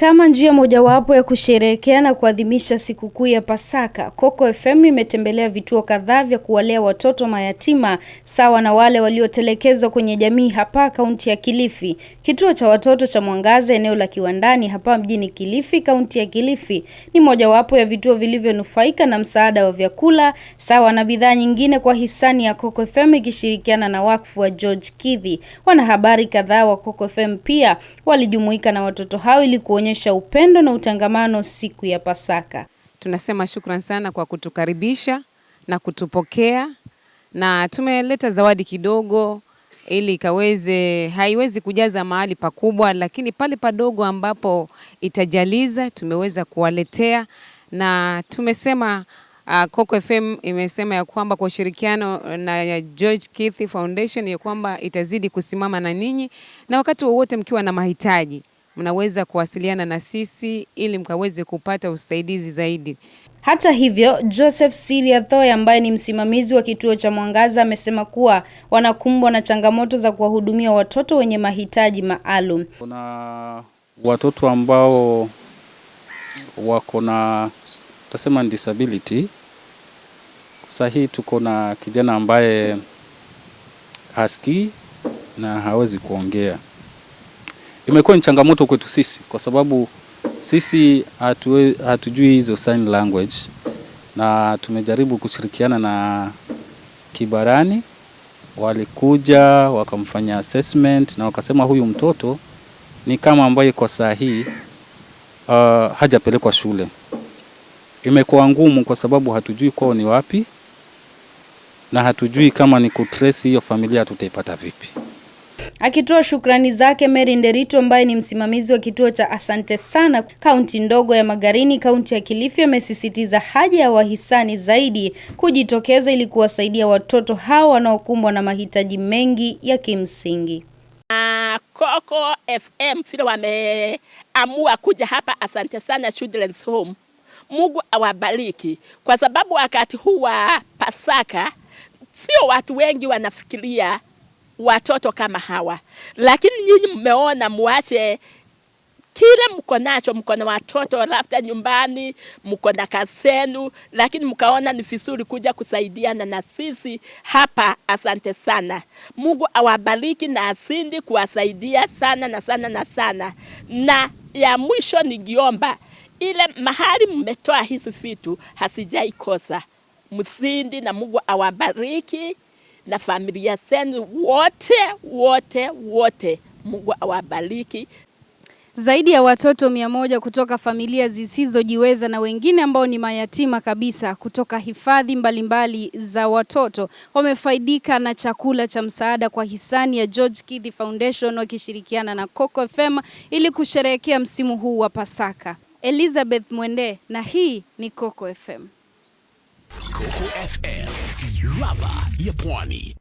Kama njia mojawapo ya kusherehekea na kuadhimisha sikukuu ya Pasaka, Coco FM imetembelea vituo kadhaa vya kuwalea watoto mayatima sawa na wale waliotelekezwa kwenye jamii hapa kaunti ya Kilifi. Kituo cha watoto cha Mwangaza eneo la Kiwandani hapa mjini Kilifi, kaunti ya Kilifi ni mojawapo ya vituo vilivyonufaika na msaada wa vyakula sawa na bidhaa nyingine kwa hisani ya Coco FM ikishirikiana na wakfu wa George Kidhi. Wanahabari kadhaa wa Coco FM pia walijumuika na watoto hao ili kuonyesha kuonyesha upendo na utangamano siku ya Pasaka. Tunasema shukran sana kwa kutukaribisha na kutupokea, na tumeleta zawadi kidogo ili ikaweze, haiwezi kujaza mahali pakubwa, lakini pale padogo ambapo itajaliza tumeweza kuwaletea, na tumesema uh, Coco FM imesema ya kwamba kwa ushirikiano na George Kithi Foundation ya kwamba itazidi kusimama na ninyi, na wakati wowote mkiwa na mahitaji mnaweza kuwasiliana na sisi ili mkaweze kupata usaidizi zaidi. Hata hivyo, Joseph Silia Thoy ambaye ni msimamizi wa kituo cha Mwangaza amesema kuwa wanakumbwa na changamoto za kuwahudumia watoto wenye mahitaji maalum. Kuna watoto ambao wako na tutasema disability. Sasa hii tuko na kijana ambaye hasikii na hawezi kuongea imekuwa ni changamoto kwetu sisi, kwa sababu sisi hatu, hatujui hizo sign language na tumejaribu kushirikiana na Kibarani, walikuja wakamfanya assessment na wakasema huyu mtoto ni kama ambaye kwa saa hii uh, hajapelekwa shule. Imekuwa ngumu kwa sababu hatujui kwao ni wapi na hatujui kama ni kutrace hiyo familia tutaipata vipi. Akitoa shukrani zake, Mary Nderito ambaye ni msimamizi wa kituo cha Asante Sana kaunti ndogo ya Magarini, kaunti ya Kilifi, amesisitiza haja ya wahisani zaidi kujitokeza ili kuwasaidia watoto hao wanaokumbwa na mahitaji mengi ya kimsingi. Uh, FM vile wameamua kuja hapa Asante Sana Children's Home. Mungu awabariki kwa sababu wakati huu wa Pasaka sio watu wengi wanafikiria watoto kama hawa, lakini nyinyi mmeona muache kile mko nacho, mko na watoto labda nyumbani, mko na kasenu, lakini mkaona ni vizuri kuja kusaidiana na sisi hapa. Asante sana, Mungu awabariki na asindi kuwasaidia sana na sana na sana. Na ya mwisho nigiomba, ile mahali mmetoa hizi vitu hasijaikosa msindi, na Mungu awabariki na familia zenu wote wote wote. Mungu awabariki. Zaidi ya watoto mia moja kutoka familia zisizojiweza na wengine ambao ni mayatima kabisa kutoka hifadhi mbalimbali za watoto wamefaidika na chakula cha msaada kwa hisani ya George Kidhi Foundation wakishirikiana na Coco FM ili kusherehekea msimu huu wa Pasaka. Elizabeth Mwende na hii ni Coco FM. Coco FM, ladha ya pwani.